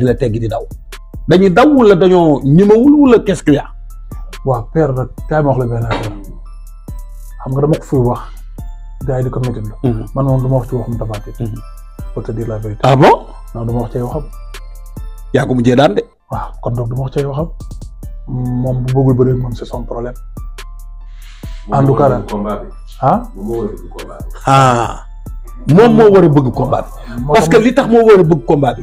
di la teggi di daw dañu daw wala dañoo ñemewul wala qu'est-ce qu'il y a. waaw père nag wax la benn affaire xam nga dama ko fuy wax gars di ko métti mhm. man moom du ma wax ci waxum Tapha Tine. Mhm. pour te dire ah wax ci waxam. yaa ko mujjee daan de. waaw wax moom bu bëggul bëri moom c'est son problème. en ah? moo war a bëgg combat bi. Ah. parce que li tax moo war a bëgg combat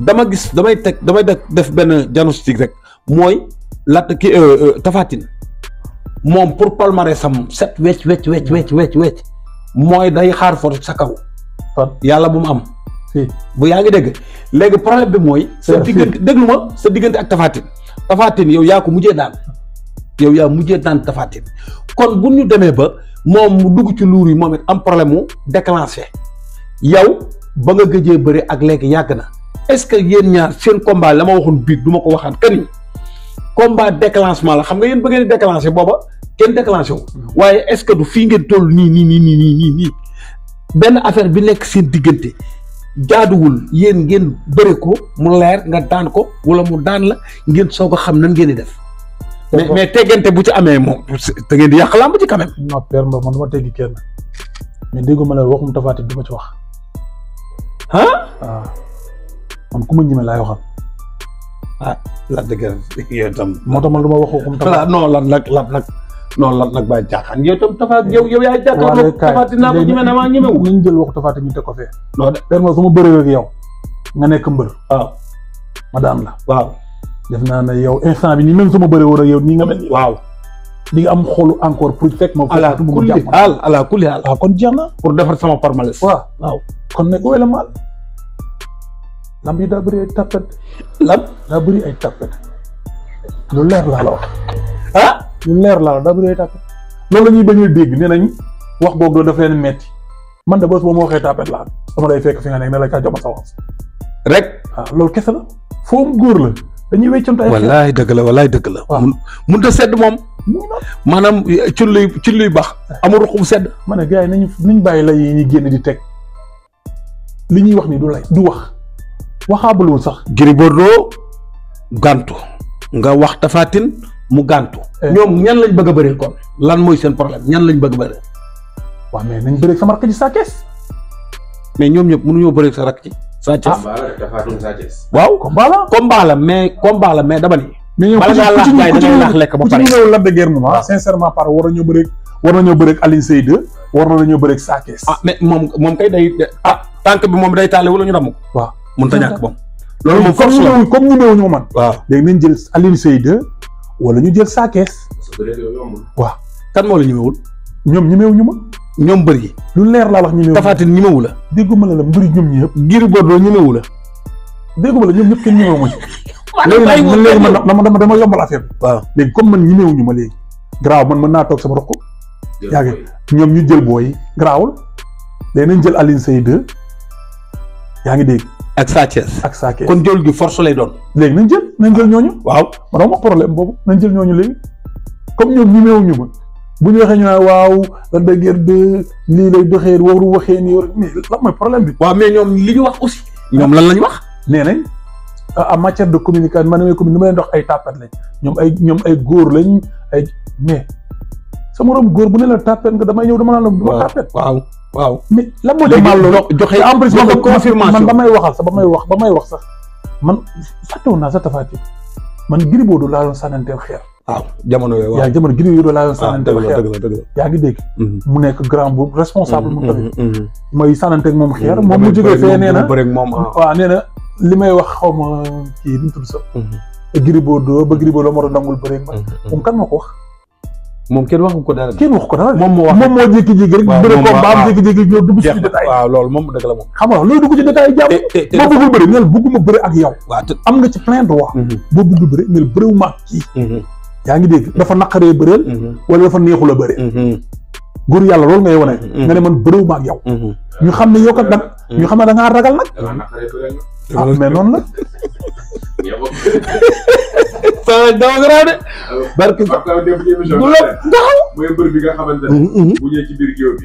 dama gis damay teg damay def benn diagnostic rek mooy Lac ki euh, euh, Tapha Tine moom pour palmarès am set wecc wecc wecc wecc wecc wecc mooy day xaar force sa kaw yàlla bu mu am bu yaa ngi dégg léegi problème bi mooy sa diggante déglu ma sa diggante ak Tapha Tine Tapha yow yaa ko mujjee daan yow yaa mujjee daan Tapha kon bu ñu demee ba moom mu dugg ci luur yi moom it am problème mu déclenché yow ba nga gëjee bëri ak léegi yàgg na est-ce que yéen ñaar seen combat la ma waxoon biig du ma ko waxaat kani combat déclancement la xam nga yéen ba ngeen déclenché booba kenn déclenché wu waaye est-ce que du fii ngeen toll nii nii nii nii nii nii benn affaire bi nekk seen diggante jaaduwul yéen ngeen bëri ko mu leer nga daan ko wala mu daan la ngeen soog a xam nan ngeen di def. mais mais teggante bu ci amee moom da ngeen di yàq làmb ci quand même. non Père Mbaye man du ma teggi kenn mais déggu ma ne waxum tafaati du ma ci wax. man ku ma ñeme laay waxal. ah Lac de moo tax ma lu ma waxoo comme Tapha non lan nag lan nag non lan nag bàyyi jaaxaan yow tam Tapha eh. yow yow yaay jàkkaarloo Tapha dinaa ko ñeme na maa ñeme wu. ñu jël waxu Tapha te ñu teg ko fee. non de permo su ma bëree ak nga nekk mbër. waaw ma daan la. waaw def naa ne yow instant bi nii même su ma bëree woon ak yow nii nga mel. waaw di nga am xolu encore pour fekk ma. ala kulli haal ala kulli haal ah, kon jeex na. pour defar sama palmarès. waaw waaw kon ne ko wala maal. lamb yi daa bëri ay tapet lan daa bëri ay tapet lu leer laa la wax ah lu leer laa la daa bëri ay tapet loolu la ñuy bañ a dégg nee nañ wax boobu doon dafa leen metti man de bés boo ma waxee tapet laa dama fekk fi nga nekk ma sa rek ah, loolu kese la foofu góor la dañuy wéccante ay wallaay dëgg la wallaay dëgg la. waaw mun ta sedd moom. maanaam eh, ci luy ci luy baax. amul ruq bu sedd. ma ne gars nañ nañu nañu bàyyi lay yi ñuy génn di teg li ñuy wax ni du lay du wax. waxaabaloo sax. Gris Bordeaux gàntu nga wax tafaatin mu gàntu. Eh. ñoom ñan lañ bëgg a bëreel kon lan mooy seen problème ñan lañ bëgg a bëreel. waaw mais nañ bëreeg sama rakk ji mais ñoom ñëpp mënuñoo bëreeg sa rakk ji. Sa Thiès ah. waaw combat la mais combat la mais dama ni. mais ñoom ku ci ku ci ñu ñëw Lac de Guiers moom ah sincèrement par war nañoo bëreeg war nañoo bëreeg Alioune Seye 2 war nañoo bëreeg Sa Thiès. ah mais moom kay day ah tànk bi moom day taale wala ñu damm ko. waaw mënut a ñàkk ba. loolu moom force la comme ñu man waaw léegi nañ jël Alioune wala ñu jël Sa Thiès. kan moo la ñemewul. ñoom ñu ma. ñoom mbër yi. lu leer laa wax ñemewu la Tafatin ñemewu la. dégguma la la mbër yi ñoom ñëpp. Gris Bordeaux ñemewu la. dégguma la ñoom ñëpp kenn ñemewu ma ci. léegi nag man léegi man dama dama dama yombal affaire bi. léegi comme man ñemewu ñu ma léegi. garaaw man mën naa toog sama roq. yaa ngi ñoom ñu jël booy garaawul. léegi nañ jël Alioune Seye 2 yaa ngi dégg ak Sa ak Sa kon jël gi force lay doon. léegi nañ jël nañ jël ñooñu. waaw man ma problème boobu nañ jël ñooñu léegi comme ñoom ñi meewuñu ma bu ñu waxee ñu naan waaw Lac de Guiers 2 lii lay doxee waru waxee nii war mais lan problème bi. waaw mais ñoom li ñu wax aussi. ñoom lan la ñu wax. nee nañ ah, en matière de communication man na leen communiqué ni ma leen dox ay tàppat lañ ñoom ay ñoom ay góor lañ ay mais. sa morom góor bu ne la tàppet nga damay ñëw dama naan la du ma tàppet waaw waaw mais la man ba may waxal sax ba may wax ba may wax sax man fàttewoon naa sa tafaati man Gris Bordeaux laa doon sànnanteel xeer waaw ah, jamono yooyu waaw yaa jamono Gris Bordeaux laa doon ah, yaa ngi dégg mm-hmm. mu nekk grand bu responsable mu mm-hmm, tamit mm-hmm, may sànnanteeg moom xeer moom mu jógee fee nee na ah. waaw li may wax xaw ma kii nu mu tudd sax Gris Bordeaux ba Gris Bordeaux moo doon nangul bëri ma moom kan ma ko wax moom kenn waxu ko dara kenn waxu moo wax moom moo jékki-jékki rek bëri ko ba am jékki-jékki ñoo dugg ci détail waaw loolu moom dëgg la moom xam nga looy dugg ci détail jàmm boo bëggul bëri neel bëgguma bëri ak yow am nga ci plein droit mhm. boo bëggul bëri neel bëriwuma ak kii mhm. yaa ngi dégg dafa naqaree bëreel mhm. wala dafa neexul a bëreel góor yàlla loolu ngay wane nga ne man bëriwuma ak yow ñu xam ne yow kat nag ñu xam ne da ngaa ragal nag ah, mais noonu la saa daw a garaaw de. barke Fatou nga xamante ne. Mm-hmm, mm-hmm. bu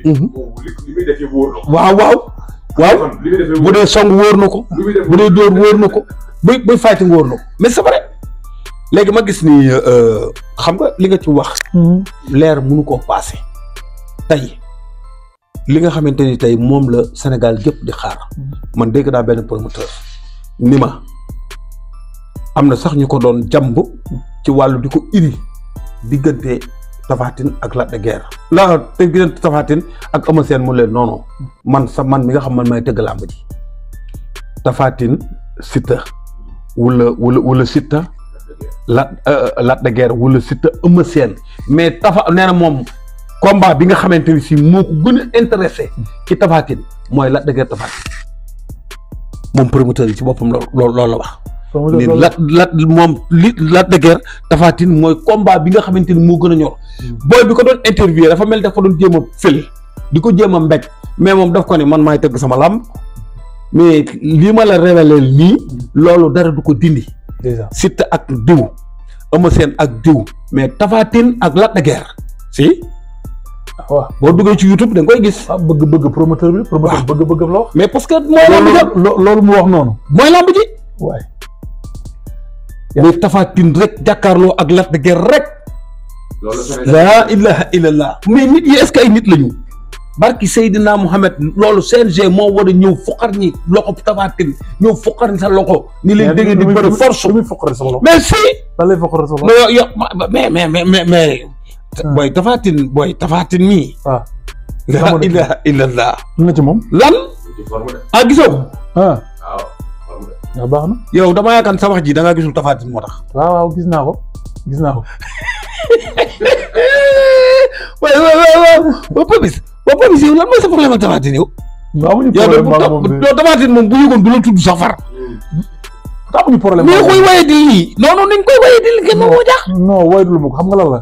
mm-hmm. na ko. bu dee song wóor na ko. bu dee dóor wóor na ko. buy buy fighting wóor na ko mais c'est léegi ma gis ni euh, xam nga li nga ci wax. leer mënu ko paase. tey li nga xamante ni tey moom la Sénégal yëpp di xaar. man dégg naa benn promoteur ni ma. am na sax ñu ko doon jàmb ci wàllu di ko iri diggante Tafatine ak Lac de Guiers la te diggante Tafatine ak Eumeu Sène mu man sa man mi nga xam man may tëgg làmb ji Tafatine Siteu wala wala wala Siteu Lac euh, Lac de Guiers wala Siteu Eumeu mais tafa nee na moom combat bi nga xamante ni si moo ko gën a intéressé ci Tafatine mooy Lac de Guiers Tafatine moom promoteur yi ci boppam loolu loolu la wax li lat lat moom li Lac de Guiers Tapha Tine mooy combat bi nga xamante ni moo gën a ñor hmm. booy bi ko doon interviewé dafa mel ko doon jéem a fël di ko jéem a mbéj mais moom daf ko ne man maay tëgg sama lam mais lii ma la révélé nii hmm. loolu dara du ko dindi Siteu ak diw Eumeu Sène ak diw mais tafaatin ak Lac de Guiers si ah, boo duggee ci YouTube da nga koy gis. Ah, bëgg bëgg promoteur bi promoteur bëgg bëgg la wax. mais parce que mooy lamb ji loolu mu wax noonu. mooy mais tafaatin rek jàkkaarloo ak Lac de Guiers rek. laa ilaha illallah mais nit yi est-ce que ay nit lañu barki Seydina Mohamed loolu CNG moo war a ñëw foqar ñi loxo tafaatin ñëw foqar ñi sa loxo. ni leen dégg di bëri force. mais si. lan lay foqar sa loxo mais mais mais mais. Ah. booy tafaatin ah. lan. ah ndax yow damaa yaakaar sa wax ji da ngaa gisul moo tax. waaw waaw gis naa ko gis naa ko. waaye waaw waaw waaw Papis waaw Papis yow lan mooy bu yëgoon du la tudd sax koy waye di lii. non ni nga koy waye di lii kenn moo jaax. nga lan la.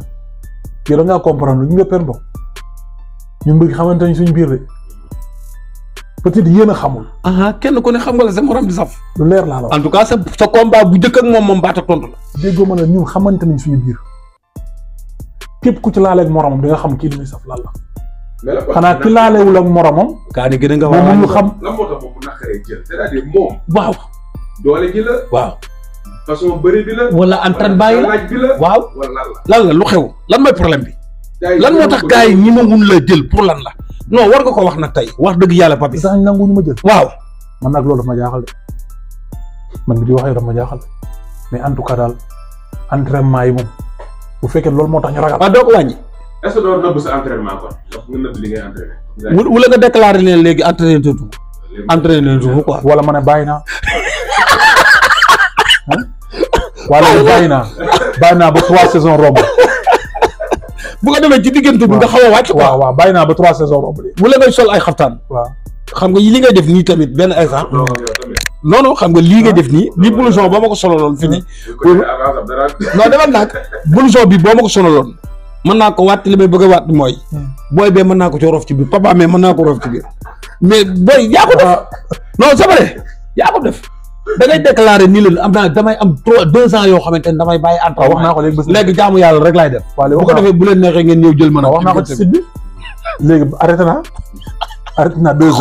yow da ngaa comprendre pen bo ñun bëgg xamante ni suñ biir de. peut-être yéen a xamul. kenn ku ne xam nga la sa morom di saf. lu leer laa la en tout cas sa bu njëkk ak moom moom baata tontu la. déggoo ma biir képp ku ci laaleeg moromam di nga xam kii li muy saf xanaa ki laalewul ak moromam. kaa ni a nga xam. lan moo tax moom bu naqaree jël c'est-à-dire moom. waaw. lan la lu xew lan mooy problème bi. lan moo tax gars yi ñi ma wun la jël pour lan la. non war nga ko wax nag tey wax dëgg yàlla papi sax nangu ñu ma jël waaw man nag loolu dafa ma jaaxal de man mi di wax yow dafa ma jaaxal mais en tout cas daal entraînement yi moom bu fekkee loolu moo tax ñu ragal. waaw ah, doo ko wàññi. est-ce que doo nëbb sa entraînement kon nga nëbb li ngay entraîné. wala nga déclaré leen léegi entraîné tuuti. entraîné tuuti quoi. wala ma ne bàyyi naa. wala bàyyi naa bàyyi naa ba trois saisons romb. bu nga demee ci diggante bi nga xaw a wàcc quoi waaw waaw bàyyi naa ba trois saisons wala ngay sol ay xaftaan waaw xam nga li ngay def nii tamit benn exemple non non xam nga lii ngay ah. def nii li blouson boo ma ko sololoon fi ni non defal naag blouson bi boo ma ko sololoon mën naa ko waat li may bëgg a waat mooy hmm. booy bee mën naa ko ci rof ci biir papa mais mën naa ko rof ci biir mais booy yaa ko def ah. non c'est vrai yaa ko def da ngay déclaré nii leen am naa damay am trois deux ans yoo xamante ne damay bàyyi entrain ah, wax naa ko léegi léegi jaamu yàlla rek laay def bu ko defee bu leen neexee ngeen ñëw jël mën a wax naa ko ci site bi léegi arrêté naa arrêté naa deux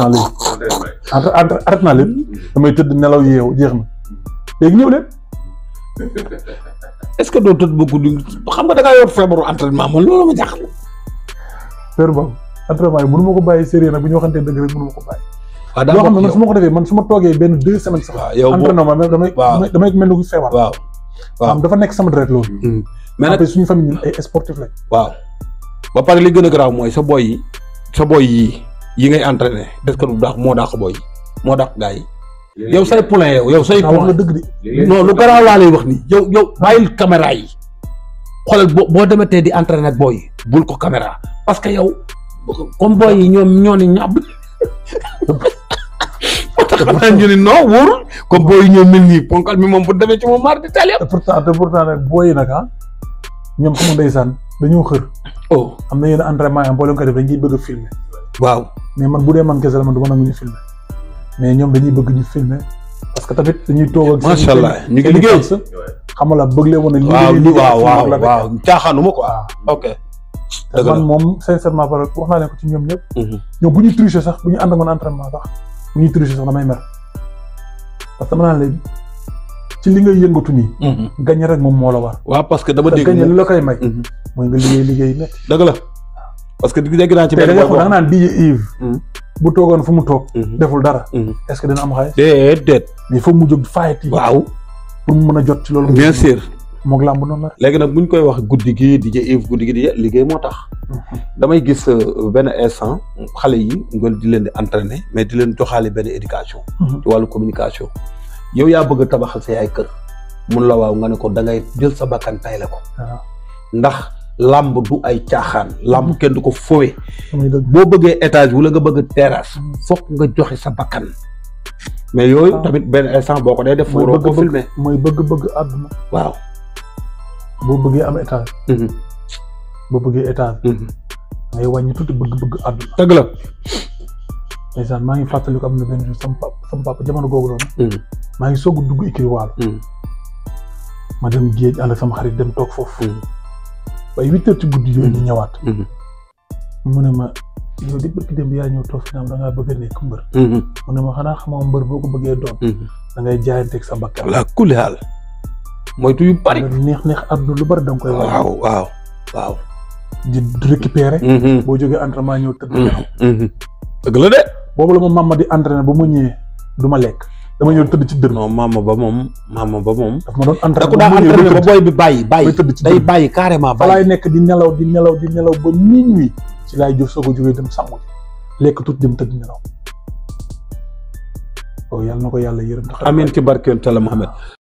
leen damay tëdd nelaw yeew jeex na léegi ñëw leen est-ce que doo tëdd bu guddi xam nga da ngaa yor feebaru entraînement man loolu ma jaaxal feebar boobu entraînement yi mënu ma ko bàyyi sérieux nag bu ñu waxantee dëgg rek ko bàyyi waaw daa xam ne man su ma ko man su ma toogee benn deux semaines sax. waaw yow entraînement man damay. waaw damay mel ni ku feebar. waaw waaw dafa nekk sama deret loolu. Mm. mais nag suñu famille ñun ay waaw ba pare li gën a garaaw mooy sa boy sa boy yi yi ngay entraîné est-ce que du daax moo daax boy moo daax gars yi. yow say poulain yow yow say poulain non lu garaaw laa lay wax nii yow yow bàyyil caméra yi xoolal boo boo demetee di entraîné ak booy bul ko caméra parce que yow comme booy yi ñoom ñoo ne ñàbb te xam naa ñu ne non wóorul comme moom bu demee ci moom maar di tali booy yi nag ah ñoom xamul ndeysaan dañoo xër. oh am na yenn entraînement yi boo leen ko def dañuy bëgg a waaw mais man bu dee man kese la man du ma nangu ñu filmer mais ñoom dañuy bëgg ñu filmer parce que tamit dañuy toog ak. macha allah ñu ngi liggéey xam nga la bëgg leen woon ne. waaw waaw waaw waaw caaxaanuma quoi. Ah. ok. dëgg man moom sincèrement par wax naa leen ko ci ñoom ñëpp. Mhm. ñoom bu ñu tricher sax bu ñu ànd ak man entraînement sax. bu ñuy tricher sax damay mer parce que dama ci li nga yëngatu nii. Mhm. gagné rek moom moo la war. waaw parce que dama dégg gagné li la koy may. Mhm. mooy nga liggéey liggéey métti. dëgg la que dégg naa ci. benn bopp mhm. bu toogoon fu mu toog. deful dara. est-ce que dina am xaalis. déedéet. foog mu jóg faayati. waaw pour mu mën a jot ci loolu. bien sûr. moog làmb noonu la. léegi nag bu ñu koy wax guddi gi di Yves guddi gi DJ liggéey moo tax. Mhm. damay gis euh, benn instant xale yi nga di leen di entraîner mais di leen joxaale benn éducation. Mhm. ci wàllu communication. yow yaa bëgg a tabaxal sa yaay kër. mun la waaw nga ne ko da ngay jël sa bakkan tay la ko. ndax làmb du ay caaxaan. làmb mhm. kenn du ko fowe. boo bëggee étage wala nga bëgg terrasse. fokk nga joxe sa bakkan. mais yooyu tamit benn instant boo ko dee def. mooy bëgg bëgg filmé mooy bëgg bëgg àdduna waaw. boo bëggee am étage. Mhm. boo bëggee étage. Mhm. ngay wàññi tuuti bëgg-bëgg àdduna. dëgg la. ndeysaan maa ngi fàttali am na benn jour papa sama jamono googu noonu. Mhm. maa ngi soog a dugg ikiri waalo. ma dem géej ànd ak sama xarit dem toog foofu. waaye huit guddi yooyu ñu ñëwaat. mu ne ma yow di bëgg dem yaa ñëw toog fi naam da ngaa bëgg nekk mbër. mu ne ma xanaa xamoo mbër boo ko bëggee doon. da ngay jaayanteeg sa bakkan. la kulli haal. moytu yu bari. neex neex àdduna lu bari da nga koy. waaw waaw waaw. di récupérer. Mm-hmm. boo jógee entraînement ñëw tëdd nelaw. Mm-hmm, mm-hmm. dëgg boobu la ma di entraîner ba ma ñëwee du ma lekk dama ñëw tëdd ci dër. non maama ba moom maama ba moom. daf ma doon entraîner ba mu ñëwee ba booy bi bàyyi bàyyi. day bàyyi carrément bàyyi. laay nekk di nelaw di nelaw di nelaw ba minuit ci laay soo ko jógee dem sangu lekk tuuti dem tëdd nelaw. waaw oh, yàlla ko yàlla yërëm. amiin ci barkeel la Mouhamed. Ah.